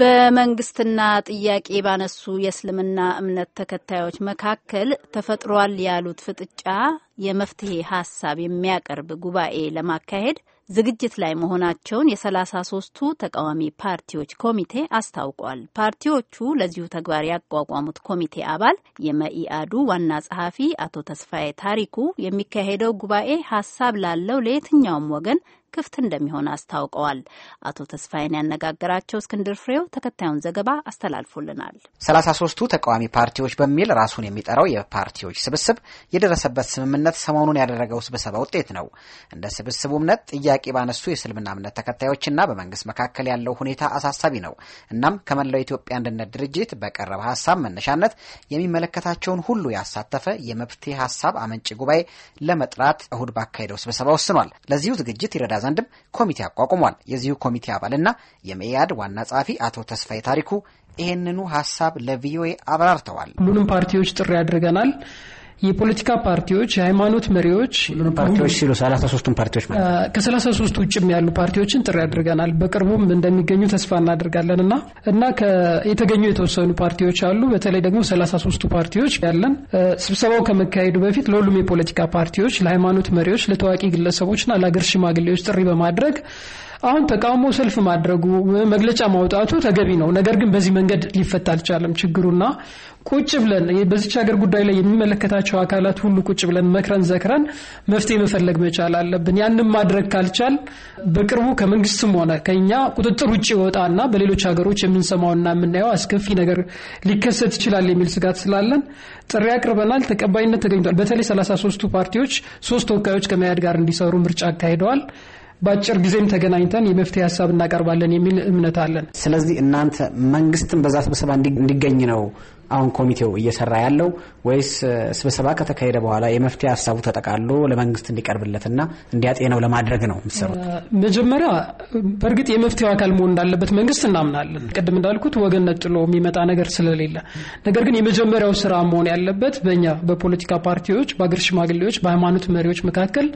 በመንግስትና ጥያቄ ባነሱ የእስልምና እምነት ተከታዮች መካከል ተፈጥሯል ያሉት ፍጥጫ የመፍትሄ ሀሳብ የሚያቀርብ ጉባኤ ለማካሄድ ዝግጅት ላይ መሆናቸውን የሰላሳ ሶስቱ ተቃዋሚ ፓርቲዎች ኮሚቴ አስታውቋል። ፓርቲዎቹ ለዚሁ ተግባር ያቋቋሙት ኮሚቴ አባል የመኢአዱ ዋና ጸሐፊ አቶ ተስፋዬ ታሪኩ የሚካሄደው ጉባኤ ሀሳብ ላለው ለየትኛውም ወገን ክፍት እንደሚሆን አስታውቀዋል። አቶ ተስፋዬን ያነጋገራቸው እስክንድር ፍሬው ተከታዩን ዘገባ አስተላልፎልናል። ሰላሳ ሶስቱ ተቃዋሚ ፓርቲዎች በሚል ራሱን የሚጠራው የፓርቲዎች ስብስብ የደረሰበት ስምምነት ሰሞኑን ያደረገው ስብሰባ ውጤት ነው። እንደ ስብስቡ እምነት ጥያቄ ባነሱ የእስልምና እምነት ተከታዮችና በመንግስት መካከል ያለው ሁኔታ አሳሳቢ ነው። እናም ከመላው ኢትዮጵያ አንድነት ድርጅት በቀረበ ሀሳብ መነሻነት የሚመለከታቸውን ሁሉ ያሳተፈ የመፍትሄ ሀሳብ አመንጭ ጉባኤ ለመጥራት እሁድ ባካሄደው ስብሰባ ወስኗል። ለዚሁ ዝግጅት ይረዳ ዘንድም ኮሚቴ አቋቁሟል። የዚሁ ኮሚቴ አባልና የመኢአድ ዋና ጸሐፊ አቶ ተስፋዬ ታሪኩ ይህንኑ ሀሳብ ለቪኦኤ አብራርተዋል። ሁሉንም ፓርቲዎች ጥሪ አድርገናል። የፖለቲካ ፓርቲዎች፣ የሃይማኖት መሪዎች ፓርቲዎች ሲሉ ሰላሳ ሶስቱን ፓርቲዎች ከሰላሳ ሶስት ውጭም ያሉ ፓርቲዎችን ጥሪ አድርገናል። በቅርቡም እንደሚገኙ ተስፋ እናደርጋለን እና እና የተገኙ የተወሰኑ ፓርቲዎች አሉ። በተለይ ደግሞ ሰላሳ ሶስቱ ፓርቲዎች ያለን ስብሰባው ከመካሄዱ በፊት ለሁሉም የፖለቲካ ፓርቲዎች፣ ለሃይማኖት መሪዎች፣ ለታዋቂ ግለሰቦችና ለአገር ሽማግሌዎች ጥሪ በማድረግ አሁን ተቃውሞ ሰልፍ ማድረጉ መግለጫ ማውጣቱ ተገቢ ነው። ነገር ግን በዚህ መንገድ ሊፈታ አልቻለም ችግሩና ቁጭ ብለን በዚች ሀገር ጉዳይ ላይ የሚመለከታቸው ያላቸው አካላት ሁሉ ቁጭ ብለን መክረን ዘክረን መፍትሄ መፈለግ መቻል አለብን። ያንም ማድረግ ካልቻል በቅርቡ ከመንግስትም ሆነ ከኛ ቁጥጥር ውጭ ይወጣና በሌሎች ሀገሮች የምንሰማውና የምናየው አስከፊ ነገር ሊከሰት ይችላል የሚል ስጋት ስላለን ጥሪ አቅርበናል። ተቀባይነት ተገኝቷል። በተለይ ሰላሳ ሶስቱ ፓርቲዎች ሶስት ተወካዮች ከመያድ ጋር እንዲሰሩ ምርጫ አካሂደዋል። በአጭር ጊዜም ተገናኝተን የመፍትሄ ሀሳብ እናቀርባለን የሚል እምነት አለን። ስለዚህ እናንተ መንግስትም በዛ ስብሰባ እንዲገኝ ነው አሁን ኮሚቴው እየሰራ ያለው ወይስ ስብሰባ ከተካሄደ በኋላ የመፍትሄ ሀሳቡ ተጠቃሎ ለመንግስት እንዲቀርብለትና እንዲያጤነው ለማድረግ ነው የምትሰሩት? መጀመሪያ በእርግጥ የመፍትሄው አካል መሆን እንዳለበት መንግስት እናምናለን። ቅድም እንዳልኩት ወገን ነጥሎ የሚመጣ ነገር ስለሌለ፣ ነገር ግን የመጀመሪያው ስራ መሆን ያለበት በእኛ በፖለቲካ ፓርቲዎች፣ በአገር ሽማግሌዎች፣ በሃይማኖት መሪዎች መካከል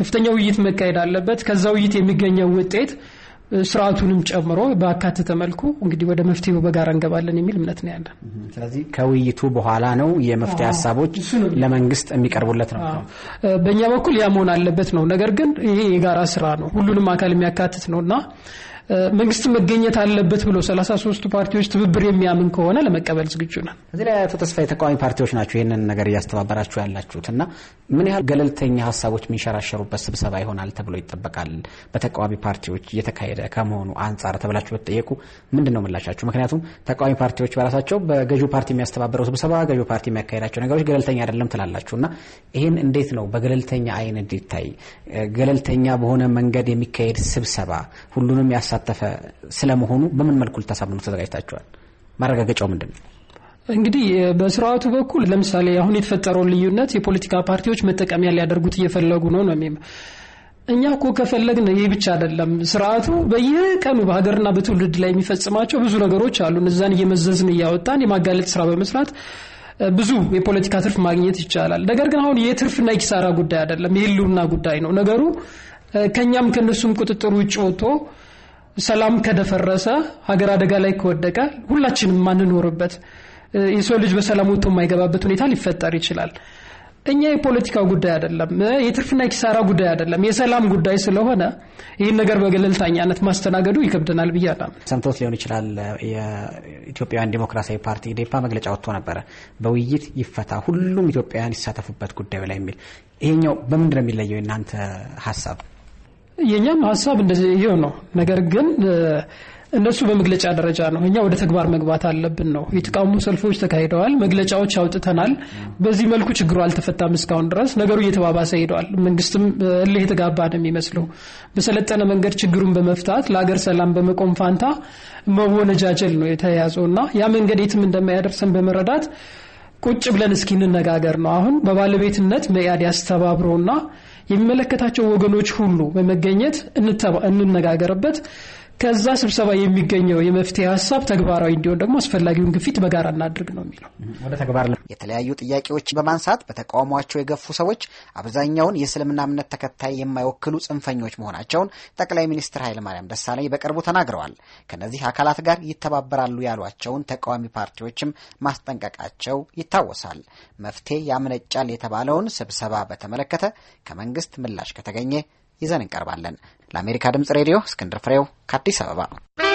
ከፍተኛ ውይይት መካሄድ አለበት። ከዛ ውይይት የሚገኘው ውጤት ስርዓቱንም ጨምሮ በአካተተ መልኩ እንግዲህ ወደ መፍትሄው በጋራ እንገባለን የሚል እምነት ነው ያለን። ስለዚህ ከውይይቱ በኋላ ነው የመፍትሄ ሀሳቦች ለመንግስት የሚቀርቡለት ነው። በእኛ በኩል ያ መሆን አለበት ነው። ነገር ግን ይሄ የጋራ ስራ ነው፣ ሁሉንም አካል የሚያካትት ነው እና መንግስት መገኘት አለበት ብሎ ሰላሳ ሶስቱ ፓርቲዎች ትብብር የሚያምን ከሆነ ለመቀበል ዝግጁ ነን። እዚህ ላይ አቶ ተስፋ የተቃዋሚ ፓርቲዎች ናቸው ይህንን ነገር እያስተባበራችሁ ያላችሁት እና ምን ያህል ገለልተኛ ሀሳቦች የሚንሸራሸሩበት ስብሰባ ይሆናል ተብሎ ይጠበቃል? በተቃዋሚ ፓርቲዎች እየተካሄደ ከመሆኑ አንጻር ተብላችሁ በተጠየቁ ምንድን ነው ምላሻችሁ? ምክንያቱም ተቃዋሚ ፓርቲዎች በራሳቸው በገዢው ፓርቲ የሚያስተባበረው ስብሰባ ገዢው ፓርቲ የሚያካሄዳቸው ነገሮች ገለልተኛ አይደለም ትላላችሁ እና ይህን እንዴት ነው በገለልተኛ አይን እንዲታይ ገለልተኛ በሆነ መንገድ የሚካሄድ ስብሰባ ሁሉንም ያሳ የተሳተፈ ስለመሆኑ በምን መልኩ ልታሳምኑ ተዘጋጅታችኋል? ማረጋገጫው ምንድን ነው? እንግዲህ በስርዓቱ በኩል ለምሳሌ አሁን የተፈጠረውን ልዩነት የፖለቲካ ፓርቲዎች መጠቀሚያ ሊያደርጉት እየፈለጉ ነው ነው እኛ እኮ ከፈለግን ይህ ብቻ አይደለም። ስርዓቱ በየቀኑ በሀገርና በትውልድ ላይ የሚፈጽማቸው ብዙ ነገሮች አሉ። እነዛን እየመዘዝን እያወጣን የማጋለጥ ስራ በመስራት ብዙ የፖለቲካ ትርፍ ማግኘት ይቻላል። ነገር ግን አሁን የትርፍና የኪሳራ ጉዳይ አይደለም፣ የህልውና ጉዳይ ነው። ነገሩ ከእኛም ከእነሱም ቁጥጥር ውጭ ወጥቶ ሰላም ከደፈረሰ ሀገር አደጋ ላይ ከወደቀ ሁላችንም ማንኖርበት የሰው ልጅ በሰላም ወጥቶ የማይገባበት ሁኔታ ሊፈጠር ይችላል። እኛ የፖለቲካ ጉዳይ አይደለም፣ የትርፍና የኪሳራ ጉዳይ አይደለም፣ የሰላም ጉዳይ ስለሆነ ይህን ነገር በገለልተኛነት ማስተናገዱ ይከብደናል ብያለ ሰምቶት ሊሆን ይችላል። የኢትዮጵያውያን ዴሞክራሲያዊ ፓርቲ ዴፓ መግለጫ ወጥቶ ነበረ፣ በውይይት ይፈታ፣ ሁሉም ኢትዮጵያውያን ይሳተፉበት ጉዳዩ ላይ የሚል ይሄኛው በምንድን ነው የሚለየው የእናንተ ሀሳብ? የእኛም ሀሳብ እንደዚህ ነው። ነገር ግን እነሱ በመግለጫ ደረጃ ነው፣ እኛ ወደ ተግባር መግባት አለብን ነው። የተቃውሞ ሰልፎች ተካሂደዋል፣ መግለጫዎች አውጥተናል። በዚህ መልኩ ችግሩ አልተፈታም እስካሁን ድረስ። ነገሩ እየተባባሰ ሄደዋል። መንግስትም እልህ የተጋባ ነው የሚመስለው። በሰለጠነ መንገድ ችግሩን በመፍታት ለሀገር ሰላም በመቆም ፋንታ መወነጃጀል ነው የተያያዘው እና ያ መንገድ የትም እንደማያደርሰን በመረዳት ቁጭ ብለን እስኪ እንነጋገር ነው። አሁን በባለቤትነት መያድ ያስተባብረውና የሚመለከታቸው ወገኖች ሁሉ በመገኘት እንነጋገርበት ከዛ ስብሰባ የሚገኘው የመፍትሄ ሀሳብ ተግባራዊ እንዲሆን ደግሞ አስፈላጊውን ግፊት በጋራ እናድርግ ነው የሚለው። ወደ ተግባር የተለያዩ ጥያቄዎች በማንሳት በተቃውሟቸው የገፉ ሰዎች አብዛኛውን የእስልምና እምነት ተከታይ የማይወክሉ ጽንፈኞች መሆናቸውን ጠቅላይ ሚኒስትር ኃይለማርያም ደሳለኝ በቅርቡ ተናግረዋል። ከነዚህ አካላት ጋር ይተባበራሉ ያሏቸውን ተቃዋሚ ፓርቲዎችም ማስጠንቀቃቸው ይታወሳል። መፍትሄ ያምነጫል የተባለውን ስብሰባ በተመለከተ ከመንግስት ምላሽ ከተገኘ ይዘን እንቀርባለን። ለአሜሪካ ድምጽ ሬዲዮ እስክንድር ፍሬው ከአዲስ አበባ